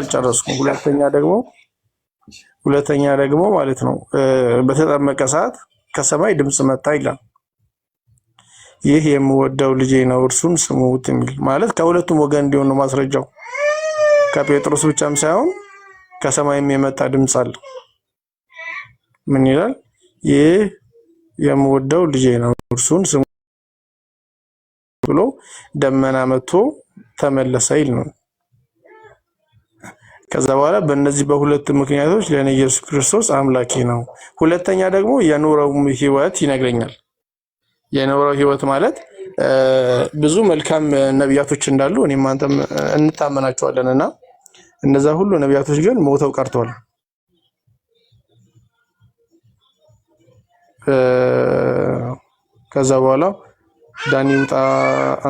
አልጨረስኩም። ሁለተኛ ደግሞ ሁለተኛ ደግሞ ማለት ነው በተጠመቀ ሰዓት ከሰማይ ድምፅ መጣ ይላል። ይህ የምወደው ልጄ ነው እርሱን ስሙት የሚል ማለት ከሁለቱም ወገን እንዲሆን ነው ማስረጃው። ከጴጥሮስ ብቻም ሳይሆን ከሰማይም የመጣ ድምፅ አለ። ምን ይላል? ይህ የምወደው ልጄ ነው እርሱን ስሙት ብሎ ደመና መጥቶ ተመለሰ ይል ነው። ከዛ በኋላ በእነዚህ በሁለቱ ምክንያቶች ለእኔ ኢየሱስ ክርስቶስ አምላኬ ነው። ሁለተኛ ደግሞ የኖረው ህይወት ይነግረኛል። የኖረው ህይወት ማለት ብዙ መልካም ነቢያቶች እንዳሉ እኔም አንተም እንታመናቸዋለን እና እነዛ ሁሉ ነቢያቶች ግን ሞተው ቀርተዋል። ከዛ በኋላ ዳኒ ውጣ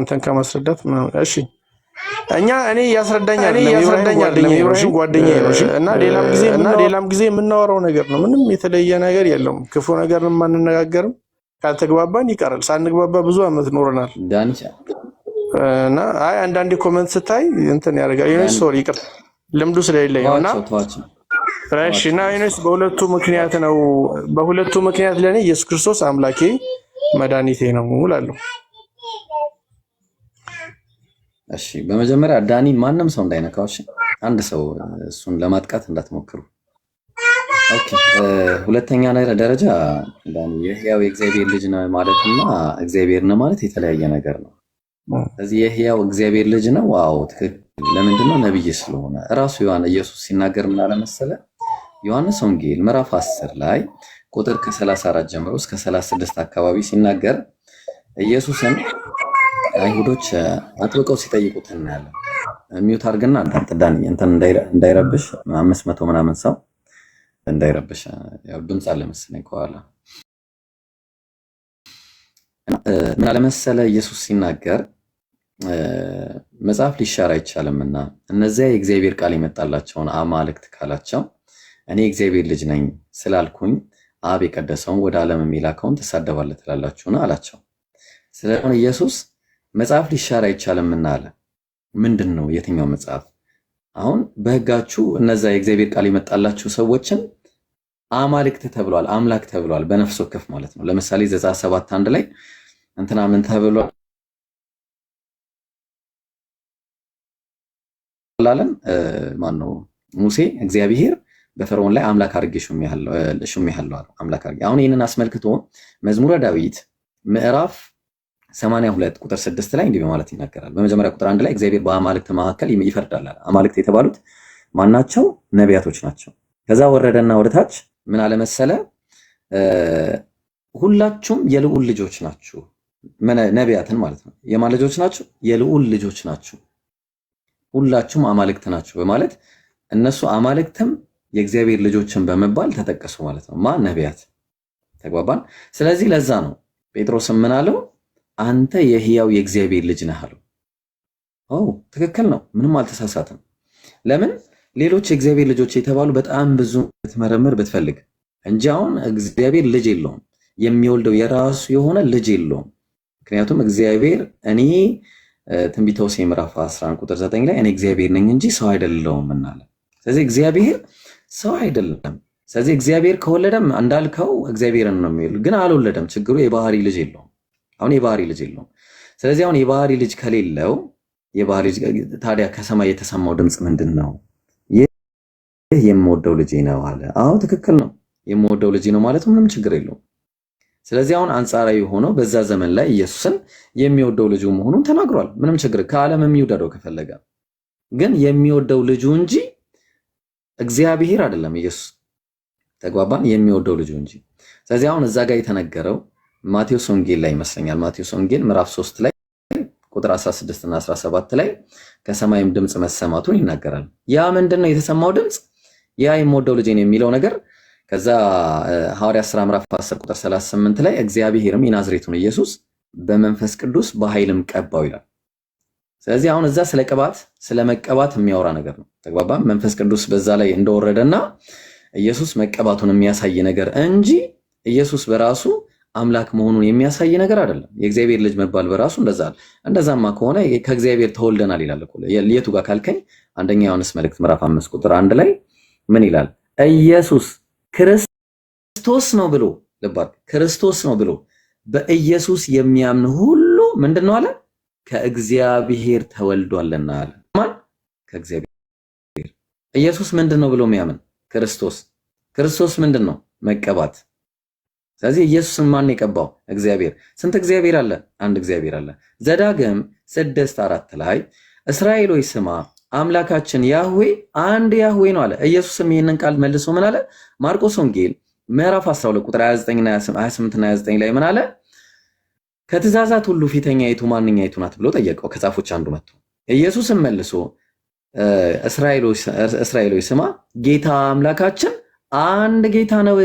አንተን ከማስረዳት እሺ እኛ እኔ ያስረዳኛል ያስረዳኛል ኢብራሂም ጓደኛ እና ሌላም ጊዜ እና ሌላም ጊዜ የምናወራው ነገር ነው። ምንም የተለየ ነገር የለውም። ክፉ ነገር አንነጋገርም። ካልተግባባን ይቀራል። ሳንግባባ ብዙ አመት ኖረናል። እና አይ አንዳንዴ ኮመንት ስታይ እንትን ያደርጋል። ዩኒስ ሶሪ ይቅር ልምዱ ስለሌለኝ ነው እና ፍሬሽ እና ዩኒስ በሁለቱ ምክንያት ነው። በሁለቱ ምክንያት ለእኔ ኢየሱስ ክርስቶስ አምላኬ መድኃኒቴ ነው እላለሁ። እሺ በመጀመሪያ ዳኒ ማንም ሰው እንዳይነካው፣ እሺ አንድ ሰው እሱን ለማጥቃት እንዳትሞክሩ። ሁለተኛ ሁለተኛ ደረጃ ዳኒ የህያው የእግዚአብሔር ልጅ ነው ማለት እና እግዚአብሔር ነው ማለት የተለያየ ነገር ነው። ስለዚህ የህያው እግዚአብሔር ልጅ ነው። ዋው ትክክል። ለምንድነው? ነብይ ስለሆነ እራሱ ዮሐን ኢየሱስ ሲናገር ምን አለ መሰለ ዮሐንስ ወንጌል ምዕራፍ 10 ላይ ቁጥር ከ34 ጀምሮ እስከ 36 አካባቢ ሲናገር ኢየሱስን አይሁዶች አጥብቀው ሲጠይቁት እናያለን። ሚዩት አድርግና እንዳትዳን እንትን እንዳይረብሽ አምስት መቶ ምናምን ሰው እንዳይረብሽ ድምፅ አለ መሰለኝ ከኋላ ምን አለመሰለ ኢየሱስ ሲናገር መጽሐፍ ሊሻር አይቻልምና እነዚያ የእግዚአብሔር ቃል የመጣላቸውን አማልክት ካላቸው እኔ የእግዚአብሔር ልጅ ነኝ ስላልኩኝ አብ የቀደሰውን ወደ ዓለም የሚላከውን ትሳደባለህ ትላላችሁና አላቸው። ስለሆነ ኢየሱስ መጽሐፍ ሊሻር አይቻልምና አለ። ምንድን ነው የትኛው መጽሐፍ? አሁን በህጋችሁ እነዛ የእግዚአብሔር ቃል የመጣላችሁ ሰዎችን አማልክት ተብሏል፣ አምላክ ተብሏል፣ በነፍስ ወከፍ ማለት ነው። ለምሳሌ ዘጸአት ሰባት አንድ ላይ እንትና ምን ተብሏል አላለም? ማን ነው ሙሴ እግዚአብሔር በፈርዖን ላይ አምላክ አድርጌ ሹሜሃለሁ አምላክ አድርጌ አሁን ይህንን አስመልክቶ መዝሙረ ዳዊት ምዕራፍ 82 ቁጥር 6 ላይ እንዲህ በማለት ይናገራል። በመጀመሪያ ቁጥር አንድ ላይ እግዚአብሔር በአማልክት መካከል ይፈርዳል። አማልክት የተባሉት ማናቸው? ነቢያቶች ናቸው። ከዛ ወረደና ወደታች ምን አለመሰለ? ሁላችሁም የልዑል ልጆች ናችሁ። ነቢያትን ማለት ነው። የማን ልጆች ናችሁ? የልዑል ልጆች ናችሁ። ሁላችሁም አማልክት ናችሁ በማለት እነሱ አማልክትም የእግዚአብሔር ልጆችን በመባል ተጠቀሱ ማለት ነው። ማ ነቢያት። ተግባባን። ስለዚህ ለዛ ነው ጴጥሮስም ምን አለው አንተ የህያው የእግዚአብሔር ልጅ ነህ አለው። ኦ ትክክል ነው፣ ምንም አልተሳሳትም። ለምን ሌሎች የእግዚአብሔር ልጆች የተባሉ በጣም ብዙ ብትመረምር ብትፈልግ እንጂ አሁን እግዚአብሔር ልጅ የለውም፣ የሚወልደው የራሱ የሆነ ልጅ የለውም። ምክንያቱም እግዚአብሔር እኔ ትንቢተ ሆሴዕ ምዕራፍ 11 ቁጥር 9 ላይ እኔ እግዚአብሔር ነኝ እንጂ ሰው አይደለሁም እናለ። ስለዚህ እግዚአብሔር ሰው አይደለም። ስለዚህ እግዚአብሔር ከወለደም እንዳልከው እግዚአብሔርን ነው የሚወልድ፣ ግን አልወለደም። ችግሩ የባህሪ ልጅ የለውም። አሁን የባህሪ ልጅ የለውም። ስለዚህ አሁን የባህሪ ልጅ ከሌለው የባህሪ ልጅ ታዲያ ከሰማይ የተሰማው ድምፅ ምንድን ነው? ይህ የምወደው ልጅ ነው አለ። አዎ ትክክል ነው፣ የምወደው ልጅ ነው ማለት ምንም ችግር የለውም። ስለዚህ አሁን አንጻራዊ ሆኖ በዛ ዘመን ላይ ኢየሱስን የሚወደው ልጁ መሆኑን ተናግሯል። ምንም ችግር ከዓለም የሚወደደው ከፈለገ ግን የሚወደው ልጁ እንጂ እግዚአብሔር አይደለም። ኢየሱስ ተግባባን፣ የሚወደው ልጁ እንጂ። ስለዚህ አሁን እዛ ጋር የተነገረው ማቴዎስ ወንጌል ላይ ይመስለኛል ማቴዎስ ወንጌል ምዕራፍ 3 ላይ ቁጥር 16 እና 17 ላይ ከሰማይም ድምፅ መሰማቱን ይናገራል። ያ ምንድነው የተሰማው ድምፅ? ያ የምወደው ልጄ ነው የሚለው ነገር ከዛ ሐዋርያ ሥራ ምዕራፍ 10 ቁጥር 38 ላይ እግዚአብሔርም የናዝሬቱን ኢየሱስ በመንፈስ ቅዱስ በኃይልም ቀባው ይላል። ስለዚህ አሁን እዛ ስለ ቅባት ስለ መቀባት የሚያወራ ነገር ነው። ተግባባ። መንፈስ ቅዱስ በዛ ላይ እንደወረደና ኢየሱስ መቀባቱን የሚያሳይ ነገር እንጂ ኢየሱስ በራሱ አምላክ መሆኑን የሚያሳይ ነገር አይደለም። የእግዚአብሔር ልጅ መባል በራሱ እንደዛ እንደዛማ ከሆነ ከእግዚአብሔር ተወልደናል ይላል እኮ። የቱ ጋር ካልከኝ አንደኛ ዮሐንስ መልእክት ምዕራፍ አምስት ቁጥር አንድ ላይ ምን ይላል? ኢየሱስ ክርስቶስ ነው ብሎ ልባት ክርስቶስ ነው ብሎ በኢየሱስ የሚያምን ሁሉ ምንድን ነው አለ? ከእግዚአብሔር ተወልዷልና አለ። ማን? ከእግዚአብሔር። ኢየሱስ ምንድን ነው ብሎ የሚያምን ክርስቶስ። ክርስቶስ ምንድን ነው? መቀባት ስለዚህ ኢየሱስን ማን የቀባው? እግዚአብሔር። ስንት እግዚአብሔር አለ? አንድ እግዚአብሔር አለ። ዘዳግም ስድስት አራት ላይ እስራኤል ሆይ ስማ አምላካችን ያህዌ አንድ ያህዌ ነው አለ። ኢየሱስም ይህንን ቃል መልሶ ምን አለ? ማርቆስ ወንጌል ምዕራፍ 12 ቁጥር 29 እና 28 እና 29 ላይ ምን አለ? ከትእዛዛት ሁሉ ፊተኛ ማንኛ ማንኛይቱ ናት ብሎ ጠየቀው። ከጻፎች አንዱ መጥቶ ኢየሱስም መልሶ እስራኤል ሆይ ስማ ጌታ አምላካችን አንድ ጌታ ነው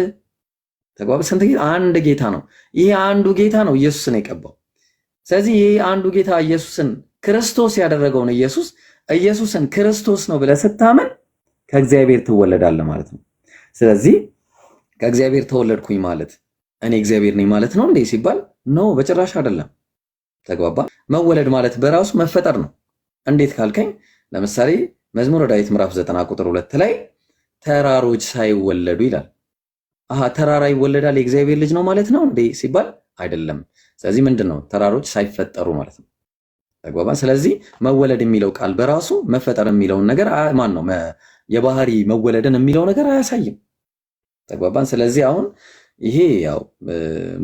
ተግባብ ስንት ጌታ? አንድ ጌታ ነው። ይሄ አንዱ ጌታ ነው ኢየሱስን የቀባው። ስለዚህ ይሄ አንዱ ጌታ ኢየሱስን ክርስቶስ ያደረገውን ኢየሱስ ኢየሱስን ክርስቶስ ነው ብለህ ስታምን ከእግዚአብሔር ትወለዳለህ ማለት ነው። ስለዚህ ከእግዚአብሔር ተወለድኩኝ ማለት እኔ እግዚአብሔር ነኝ ማለት ነው እንዴ ሲባል ኖ በጭራሽ አይደለም። ተግባባ። መወለድ ማለት በራሱ መፈጠር ነው። እንዴት ካልከኝ ለምሳሌ መዝሙረ ዳዊት ምዕራፍ ዘጠና ቁጥር ሁለት ላይ ተራሮች ሳይወለዱ ይላል። ተራራ ይወለዳል የእግዚአብሔር ልጅ ነው ማለት ነው እንዴ ሲባል አይደለም። ስለዚህ ምንድን ነው ተራሮች ሳይፈጠሩ ማለት ነው ተግባባን። ስለዚህ መወለድ የሚለው ቃል በራሱ መፈጠር የሚለውን ነገር ማን ነው የባህሪ መወለድን የሚለው ነገር አያሳይም። ተግባባን። ስለዚህ አሁን ይሄ ያው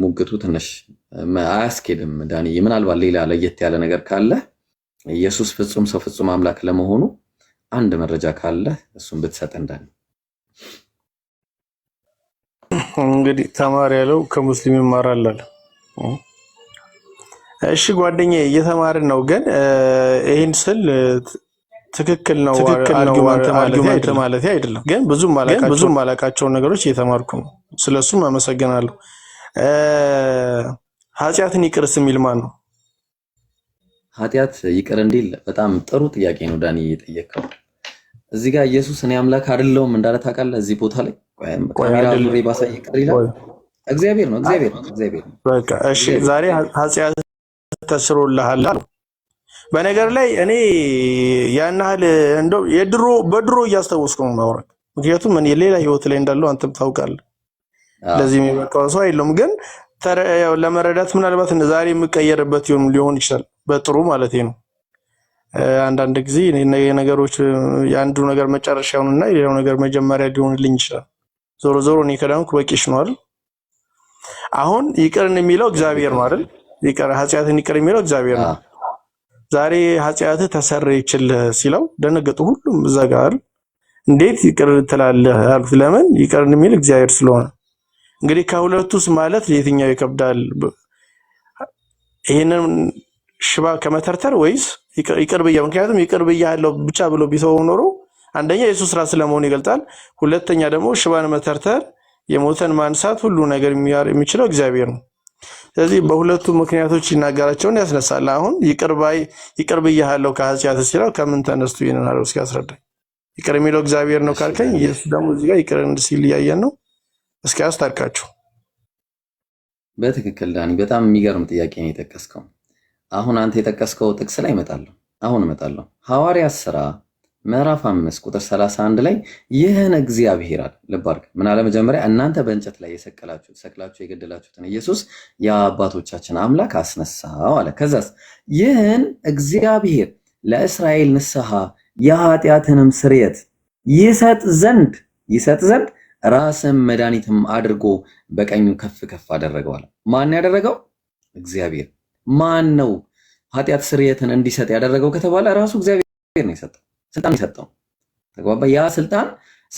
ሙግቱ ትንሽ አያስኬድም። ዳንዬ ምናልባት ሌላ ለየት ያለ ነገር ካለ ኢየሱስ ፍጹም ሰው ፍጹም አምላክ ለመሆኑ አንድ መረጃ ካለ እሱን ብትሰጥ እንዳለ እንግዲህ ተማሪ ያለው ከሙስሊም ይማራል አለ። እሺ ጓደኛዬ እየተማርን ነው፣ ግን ይህን ስል ትክክል ነው አርጊመንት ማለት አይደለም። ግን ብዙም አላቃቸውን ነገሮች እየተማርኩ ነው። ስለሱም አመሰግናለሁ። ኃጢአትን ይቅርስ የሚል ማን ነው? ኃጢአት ይቅር እንዲል በጣም ጥሩ ጥያቄ ነው ዳኒ እየጠየቀው እዚህ ጋር ኢየሱስ እኔ አምላክ አይደለሁም እንዳለ ታውቃለህ እዚህ ቦታ ላይ ዛሬ ኃጢአት ተስሮልሃል በነገር ላይ እኔ ያን ያህል እንደው የድሮ በድሮ እያስታወስኩ ነው ማውራት፣ ምክንያቱም እኔ ሌላ ህይወት ላይ እንዳለው አንተም ታውቃለህ። ለዚህ የሚበቃው ሰው አይደለም፣ ግን ለመረዳት ምናልባት ዛሬ የምቀየርበት ሊሆን ይችላል። በጥሩ ማለት ነው። አንዳንድ ጊዜ ነገሮች የአንዱ ነገር መጨረሻ ይሁንና የሌላው ነገር መጀመሪያ ሊሆንልኝ ይችላል። ዞሮ ዞሮ እኔ ከዳንኩ በቂሽ ነው አይደል? አሁን ይቅርን የሚለው እግዚአብሔር ነው አይደል? ይቅር ኃጢአትን ይቅር የሚለው እግዚአብሔር ነው። ዛሬ ኃጢአትህ ተሰረየችልህ ሲለው ደነገጡ ሁሉም እዛ ጋር። እንዴት ይቅር ትላለህ አሉት። ለምን ይቅርን የሚል እግዚአብሔር ስለሆነ። እንግዲህ ከሁለቱስ ማለት የትኛው ይከብዳል? ይህንን ሽባ ከመተርተር ወይስ ይቅር ብያ? ምክንያቱም ይቅር ብያለሁ ብቻ ብሎ ቢተወው ኖሮ አንደኛ የሱ ስራ ስለመሆኑ ይገልጣል። ሁለተኛ ደግሞ ሽባን መተርተር፣ የሞተን ማንሳት፣ ሁሉ ነገር የሚችለው እግዚአብሔር ነው። ስለዚህ በሁለቱ ምክንያቶች ይናገራቸውን ያስነሳል። አሁን ይቅርባይ ይቅርብ ብያለሁ ከኃጢአት ሲለው ከምን ተነስቶ ይህንን አለው እስኪ ያስረዳኝ። ይቅር የሚለው እግዚአብሔር ነው ካልከኝ ኢየሱስ ደግሞ እዚህ ጋር ይቅር እንድ ሲል እያየን ነው። እስኪ ያስታርቃችሁ። በትክክል ዳኒ፣ በጣም የሚገርም ጥያቄ ነው የጠቀስከው። አሁን አንተ የጠቀስከው ጥቅስ ላይ እመጣለሁ። አሁን እመጣለሁ ሐዋርያት ስራ ምዕራፍ አምስት ቁጥር 31 ላይ ይህን እግዚአብሔር አለ። ልብ አድርግ። ምን አለ መጀመሪያ? እናንተ በእንጨት ላይ የሰቀላችሁት ሰቅላችሁ የገደላችሁትን ኢየሱስ የአባቶቻችን አምላክ አስነሳው አለ። ከዛስ ይህን እግዚአብሔር ለእስራኤል ንስሐ የኃጢአትንም ስርየት ይሰጥ ዘንድ ይሰጥ ዘንድ ራስን መድኃኒትም አድርጎ በቀኙ ከፍ ከፍ አደረገዋል። ማን ያደረገው? እግዚአብሔር። ማን ነው ኃጢአት ስርየትን እንዲሰጥ ያደረገው ከተባለ ራሱ እግዚአብሔር ነው የሰጠው። ስልጣን የሰጠው ተግባባ። ያ ስልጣን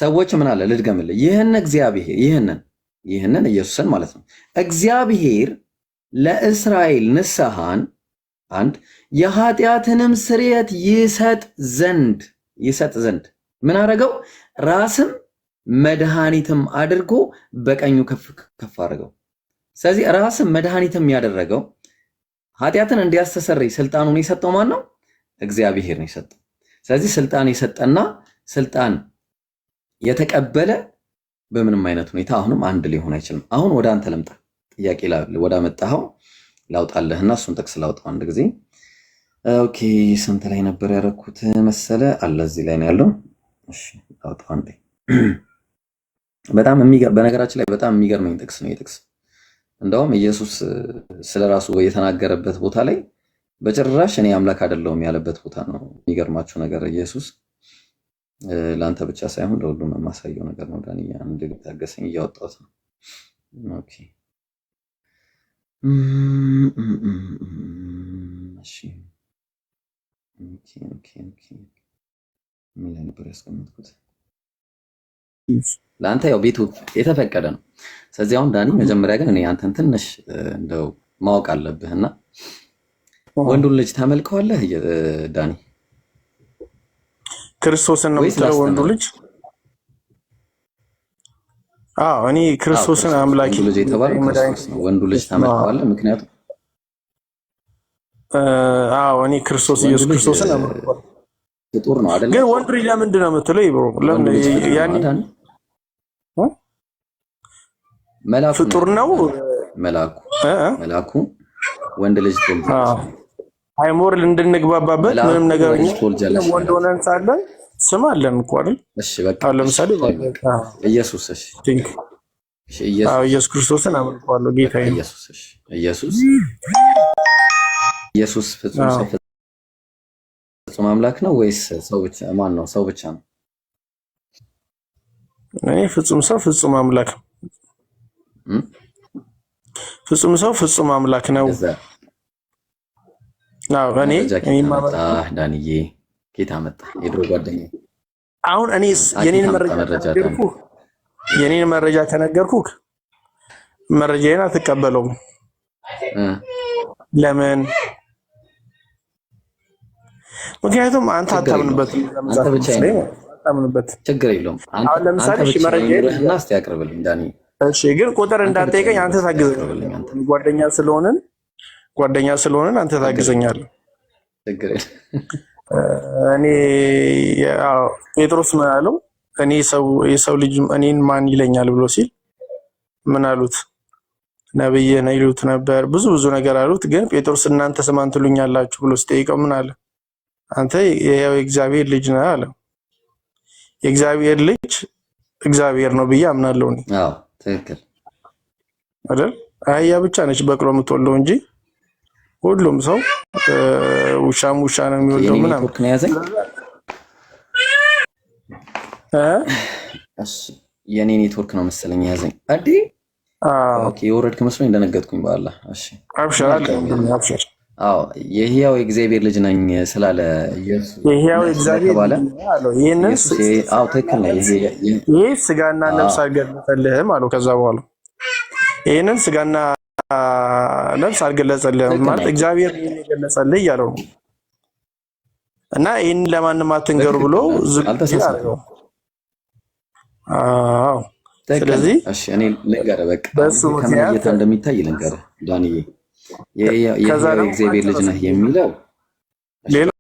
ሰዎች ምን አለ ልድገምልህ፣ ይህን እግዚአብሔር ይህንን ይህንን ኢየሱስን ማለት ነው እግዚአብሔር ለእስራኤል ንስሐን አንድ የኃጢአትንም ስርየት ይሰጥ ዘንድ ይሰጥ ዘንድ ምን አደረገው? ራስም መድኃኒትም አድርጎ በቀኙ ከፍ ከፍ አድርገው። ስለዚህ ራስም መድኃኒትም ያደረገው ኃጢአትን እንዲያስተሰርይ ስልጣኑን የሰጠው ማን ነው? እግዚአብሔር ነው የሰጠው። ስለዚህ ስልጣን የሰጠና ስልጣን የተቀበለ በምንም አይነት ሁኔታ አሁንም አንድ ሊሆን አይችልም። አሁን ወደ አንተ ልምጣ። ጥያቄ ወደ መጣኸው ላውጣለህና እሱን ጥቅስ ላውጣው አንድ ጊዜ። ኦኬ ስንት ላይ ነበር ያደረኩት መሰለ? አለ እዚህ ላይ ነው ያለው። እሺ ላውጣው አንዴ። በጣም በነገራችን ላይ በጣም የሚገርመኝ ጥቅስ ነው ይህ ጥቅስ። እንደውም ኢየሱስ ስለራሱ የተናገረበት ቦታ ላይ በጭራሽ እኔ አምላክ አይደለሁም ያለበት ቦታ ነው። የሚገርማችሁ ነገር ኢየሱስ ለአንተ ብቻ ሳይሆን ለሁሉም የማሳየው ነገር ነው። ዳን አንድ ታገሰኝ፣ እያወጣሁት ነው። ኦኬ ያስቀመጥኩት? ለአንተ ያው ቤቱ የተፈቀደ ነው። ስለዚህ አሁን ዳኒ መጀመሪያ ግን እኔ አንተን ትንሽ እንደው ማወቅ አለብህ እና ወንዱን ልጅ ታመልከዋለህ ዳኒ? ክርስቶስን ነው የምትለው? ወንዱ ልጅ አዎ፣ እኔ ክርስቶስን አምላኪ ልጅ የተባለው ወንዱ ልጅ ታመልከዋለህ? ምክንያቱም አዎ፣ እኔ ክርስቶስ ኢየሱስ ክርስቶስን አምላኪ ፍጡር ነው አይደል? ግን ወንዱ ልጅ ለምንድን ነው የምትለው? ይብሩ ለምን ያኔ ፍጡር ነው መላኩ መላኩ ወንድ ልጅ ሃይሞር እንድንግባባበት ምንም ነገር ወንድ ሆነን ሳለን ስም አለን እኮ አይደል? እሺ በቃ ለምሳሌ ኢየሱስ እሺ እሺ ቲንክ ኢየሱስ ኢየሱስ ክርስቶስን አመልከዋለሁ ጌታ ኢየሱስ እሺ ኢየሱስ ኢየሱስ ፍጹም ፍጹም አምላክ ነው ወይስ ሰው ብቻ? ማን ነው? ሰው ብቻ ነው? እኔ ፍጹም ሰው ፍጹም አምላክ ፍጹም ሰው ፍጹም አምላክ ነው። ዳንዬ ኬታ መጣ የድሮ ጓደኛ አሁን እኔ የኔን መረጃ ከነገርኩህ መረጃዬን አትቀበለውም። ለምን? ምክንያቱም አንተ አታምንበት ችግር የለውም። አሁን ለምሳሌ ግን ቁጥር እንዳትጠይቀኝ አንተ ታግዘኝ፣ ጓደኛ ስለሆንን ጓደኛ ስለሆነ አንተ ታግዘኛለህ። እኔ ጴጥሮስ ምን አለው? እኔ ሰው የሰው ልጅ እኔን ማን ይለኛል ብሎ ሲል ምን አሉት? ነብይ ነህ ይሉት ነበር። ብዙ ብዙ ነገር አሉት። ግን ጴጥሮስ እናንተ ስማን ትሉኛላችሁ ብሎ ሲጠይቀው ምን አለ? አንተ ያው የእግዚአብሔር ልጅ ነህ አለ። የእግዚአብሔር ልጅ እግዚአብሔር ነው ብዬ አምናለሁ። እኔ አዎ፣ ትክክል አይደል? አህያ ብቻ ነች በቅሎ የምትወልደው እንጂ ሁሉም ሰው ውሻም ውሻ ነው የሚወደው ምናምን የኔ ኔትወርክ ነው መሰለኝ ያዘኝ። አዲ ኦኬ፣ የወረድክ መስሎኝ እንደነገጥኩኝ። በኋላ አዎ የህያው እግዚአብሔር ልጅ ነኝ ስላለ ኢየሱስ ነው። ይሄ ስጋና ነፍስ አይገድልህም አለው። ከዛ በኋላ ይሄንን ስጋና ነፍስ አልገለጸልህም ማለት እግዚአብሔር የገለጸልህ እያለው ነው። እና ይህን ለማንም አትንገሩ ብሎ አዎ። ስለዚህ በሱ ምክንያት እንደሚታይ ልንገርህ ዳንዬ፣ የእግዚአብሔር ልጅ ነህ የሚለው